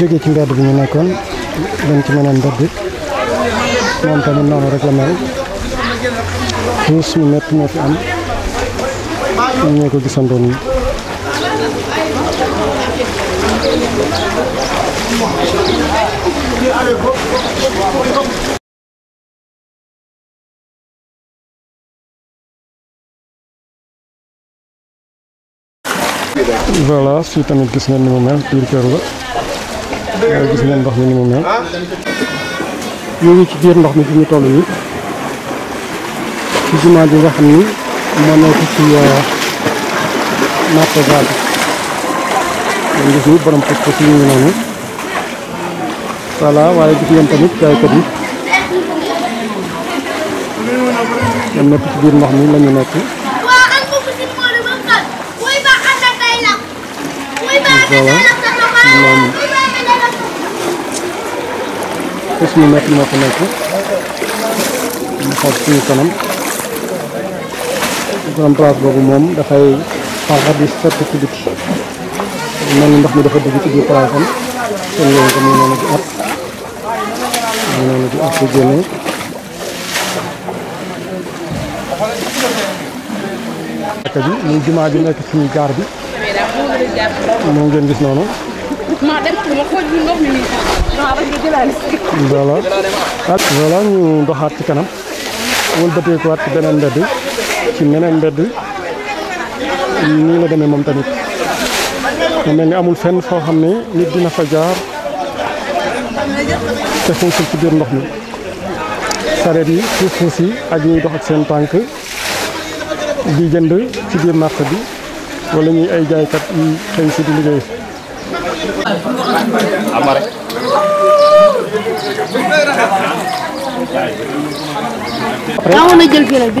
Juga ci mbedd bi ñu nekkoon dañ ci meneen mbedd moom tamit noonu rek la mel tuus mu métti moo fi am ñoo ko gisandoon voilà tamit gis ngeen ni gis ngeen ndox mi mu mel ñu ci biir ndox mi fi ñu toll nii ci jumaa ji nga xam ni moo nekk ci marché Zaga ngeen gis ni borom noonu waaye gis ngeen tamit nekk ci biir ndox mi la ñu nekk voilà te suñu maître moo fa nekk mu suñu kanam borom place boobu moom dafay xaaxal di sotti ci dafa dugg ci biir place am mu noonu ji muy jumaa bi nekk suñu gaar bi moom ngeen gis noonu voilà ak voilà ñu doxaat ci kanam wëlbateekuwaat ci beneen mbedd ci meneen mbedd nii la demee moom tamit mu mel ni amul fenn foo xam ne nit dina fa jaar te xuusul ci biir ndox mi sareet yi fuus fuus yi ak ñuy dox ak seen tànk di jënd ci biir marché bi wala ñuy ay jaaykat yi xëy si di liggéey amoon na jël fii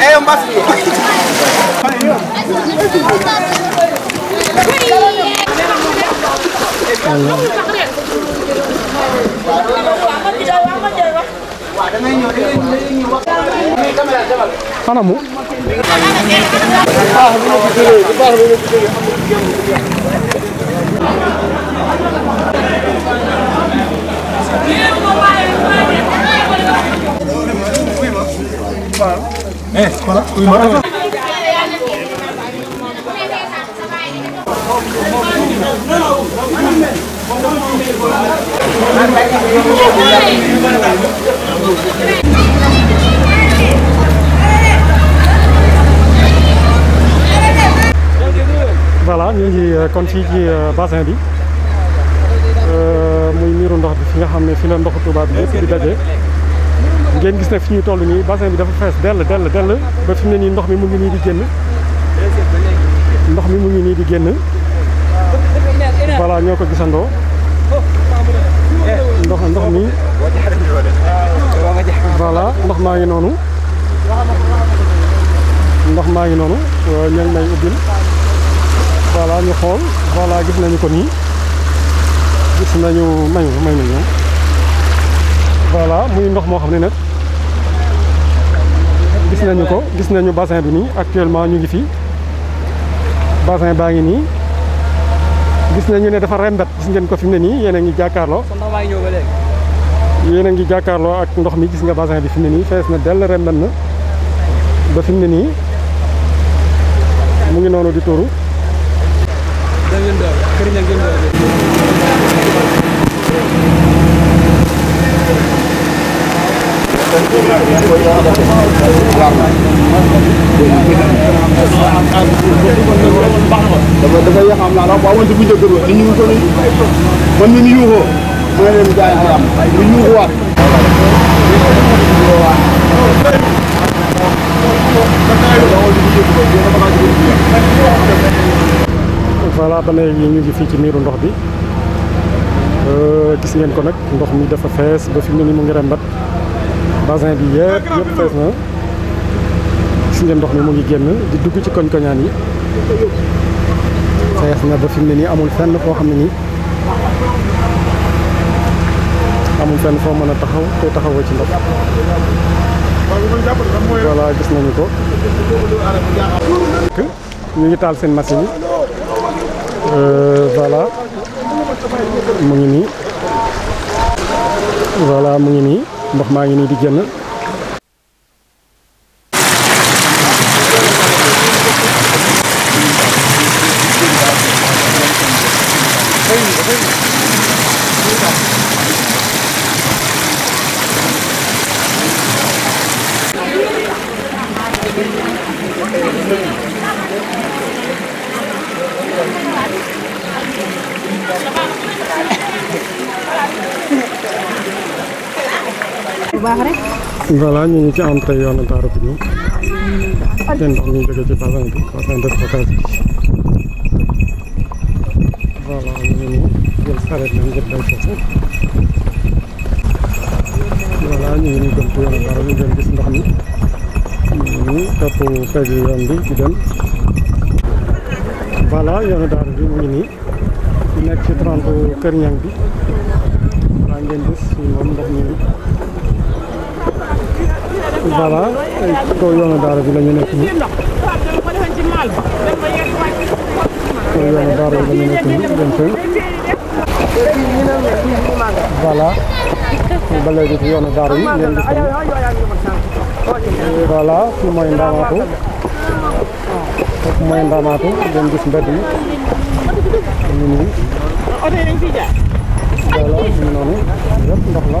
Eh, un Mana mu? Ah, Eh, voilà, oui, voilà. voilà ñu ngi euh, kon fii ci euh, bassin bi ndox bi fi nga xam ne fi la ndoxu Touba bi yëpp di daje ngeen gis nag fi ñuy toll nii bassin bi dafa fees dell dell dell ba fi mu ne nii ndox mi mu ngi nii di génn ndox mi mu ngi nii di génn voilà ñoo ko gisandoo ndox ndox mi voilà ndox maa ngi noonu ndox maa ngi noonu ñu ngi may ubbil voilà ñu xool voilà gis nañu ko nii gis nañu may may nañu voilà muy ndox moo xam ne nag gis nañu ko gis nañu bassin bi nii actuellement ñu ngi fi bassin baa ngi nii gis nañu ne dafa rembet gis ngeen ko fi mu ne nii yéen a ngi jàkkaarloo yéen a ngi jàkkaarloo ak ndox mi gis nga bassin bi fi mu ne nii fees na dell rembet na ba fi ne nii mu ngi noonu di tuuru kër ña ngeen dama dafa yaxam naa ndax waawoon si bu njëkk ba ñu ko voilà ba léegi ñu ngi fii basin bi yëpp yëpp fees na gis ngeen ndox mi mu ngi génn di dugg ci koñ-koñaan yi fees na ba fi ne nii amul fenn foo xam ne nii amul fenn foo mën a taxaw te taxawoo ci ndox voilà gis nañu ko ñu ngi taal seen machine yi euh, voilà mu ngi nii voilà mu ngi nii ndox maa ngi nii di génn Voilà ñu ngi ci entrée yoonu Daaru bi nii seen ndox mi jóge ci bassin bi bassin de stockage bi voilà ini ngi yang jël yang la ngir dem foofu voilà ñu ngi nii jëm ci ini Daaru bi ngeen di dem voilà di voilà ci kaw yoonu daara bi la ñu nekk nii kaw yoonu daara bi la ñu nekk nii dem fay voilà ba léegi ci yoonu daara yi ngeen gis nii voilà fii mooy ndaamaatu foofu mooy ndaamaatu ngeen gis mbedd yi ñu nii voilà ñu noonu yëpp ndox la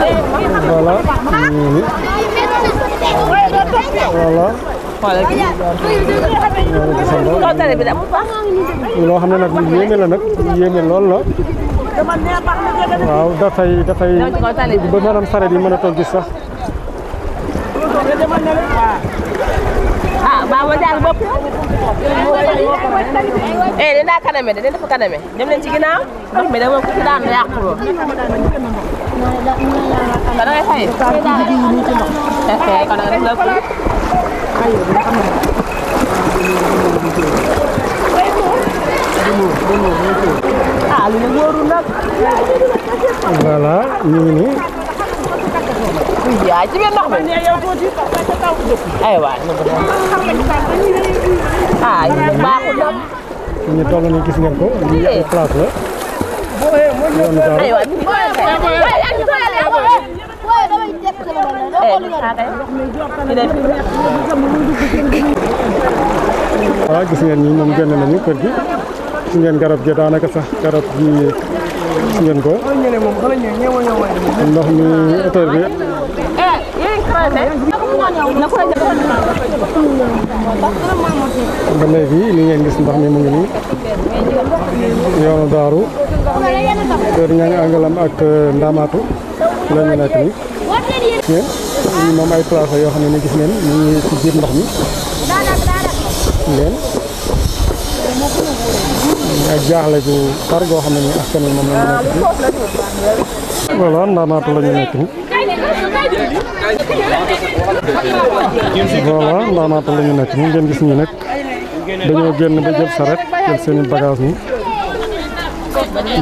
voilà nii voilà. loo xam ne nag lu yéeme la nag lu lool la. waaw dafay dafay ba maanaam saret yi mën a toog sax. ah Baba Diallo bopp. eh dinaa kaname de dina dafa kaname dem leen ci ginnaaw ndox mi dama ko ci daan yàquloo. kon da ngay fay. kon da nga def lépp. ah lu ne wóorul nag. voilà ñu ngi nii. yaa ci benn ndox mi man di tax sa taw ko dëkk ay waay ah baaxu dam ñu tollu ni gis ngeen ko ñu ay place boleh boé mo ñu boleh waay boé boé ak ñu boé le boé boé damay jëpp sama boé do ko ko ndox mi hauteur ba ini yang disembah memang ini yang baru. ngi nii ke daaru kër ñangi angalam ak ndamatu la ñu nekk nii ngeen ñi moom ay place yoo ni gis ngeen ñu ngi ci biir voilà ndaanaata la ñu nekk ñu ngeen gis ñi nag dañoo génn ba jël saret jël seeni bagage ni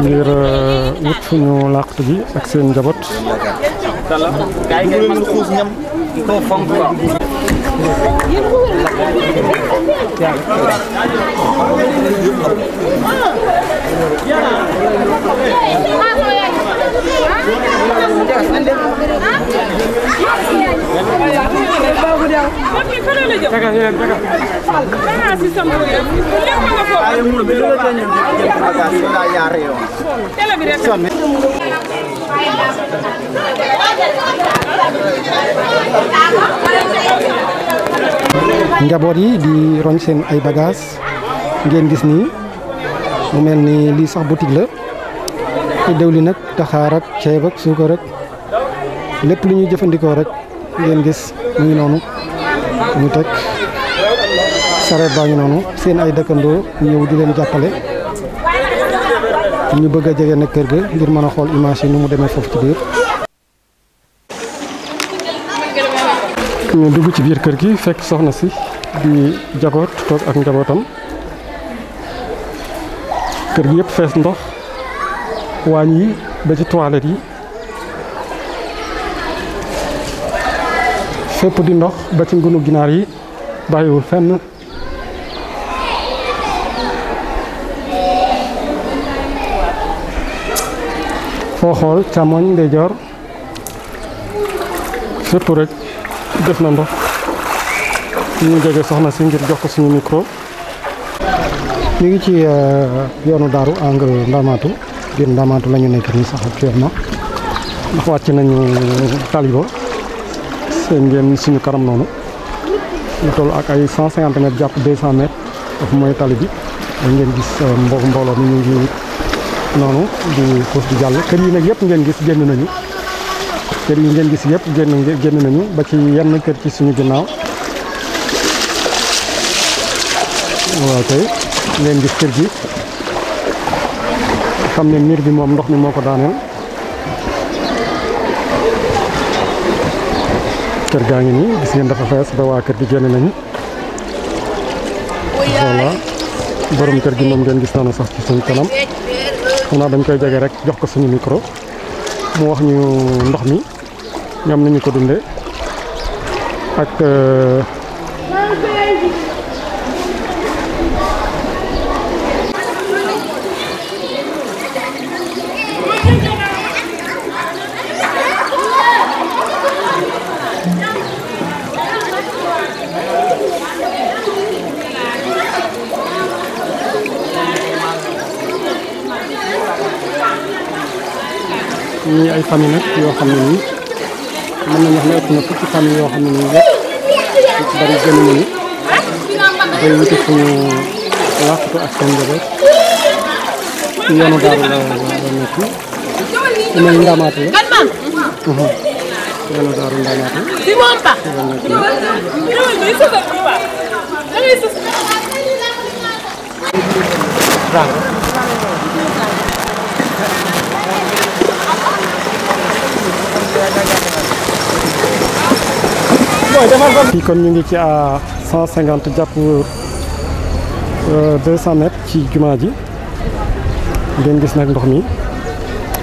ngir euh, wut ak seen Yeah. njaboot di ronsen ay Bagas, ngeen gis ni mu melni ni sax boutique la ci dewli nak taxar ak ceeb ak suukar ak lepp lu ñuy jëfëndiko rek ngeen gis muy nonu ñu teg sareet baa ngi noonu seen ay dëkkandoo ñëw di leen jàppale ñu bëgg a jege nag kër ga ngir mën a xool image yi mu demee foofu ci biir ñu dugg ci biir kër gi fekk soxna si di jagoot toog ak njabootam kër gi yëpp fees ndox waañ yi ba ci toilette yi fepp di ndox ba ci ngunu ginar yi bàyyiwul fenn xol xool càmmoñ jor fepp rek def na ndox ñu jege soxna ci ngir jox ko suñu micro ñu ngi ci euh, yoonu daru angle ndamatu biir ndamatu lañu nekk ni sax actuellement ndax nañu talibo seen ngeen suñu karam noonu lu toll ak ay 150 mètres jàpp 200 mètres mooy tali bi ngeen gis euh, mbo mbooloo mi ñu ngi noonu di jàll kër yi nag yëpp ngeen gis génn nañu kër yi ngeen gis yëpp génn génn nañu ba ci yenn kër ci suñu ginnaaw waaw tey ngeen gis kër gi xam ne miir bi moom ndox mi moo ko daaneel kër gaa ngi nii gis ngeen dafa fees ba waa kër gi génn nañu voilà kër gi moom ngeen gis noonu sax ci suñ kanam xanaa dañ koy jege rek jox ko suñu micro mu wax ñu ndox mi ñoom nañu ko dunde ak euh, ñi ay famille nag yoo xam ne nañu wax ne fukki famille yoo xam ne ci bari gën nañu day wuti fu ñu làqatu ak seen njaboot ci yoonu daaru la la nekk ku mel ndamaatu la yoonu daaru ndamaatu la nekk Bravo fii kon ñu ngi ci à 150 jàpp 200 mètres ci jumaa ji ngeen gis nag ndox mi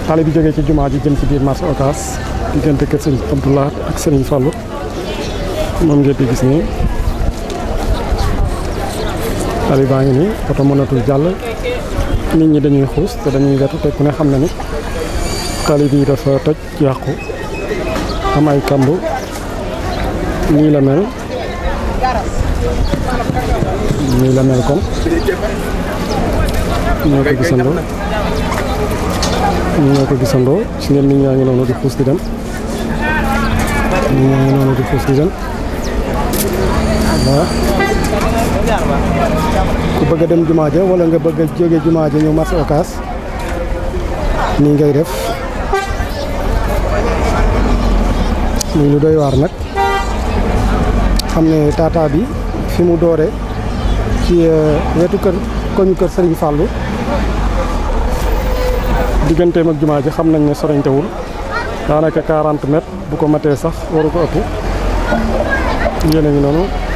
xale bi jógee ci jumaa ji jëm ci biir marché Ocass diggante kër sëñ Abdoulaye ak sëriñ Fallou moom ngeen di gis nii xale baa ngi nii oto mënatul nit ñi dañuy xuus te dañuy wetu te ku ne xam na ni bi dafa toj am ay kamb nii la mel nii la mel kon ñoo ko gisandoo ñoo ko gisandoo ci ngeen nit ñaa ngi noonu di xuus di dem nit ñaa ngi noonu di xuus di dem ku bëgg a dem jumaa ja wala nga bëgg a jóge jumaa ja ñëw marché Ocass nii ngay def muy lu doy waar nag xam ne tata bi fi mu doore ci euh, wetu kër koñu kër Serigne Fallou digganteem ak jumaa ji xam nañ ne soriñtewul daanaka 40 mètres bu ko matee sax waru ko ëpp yéen a noonu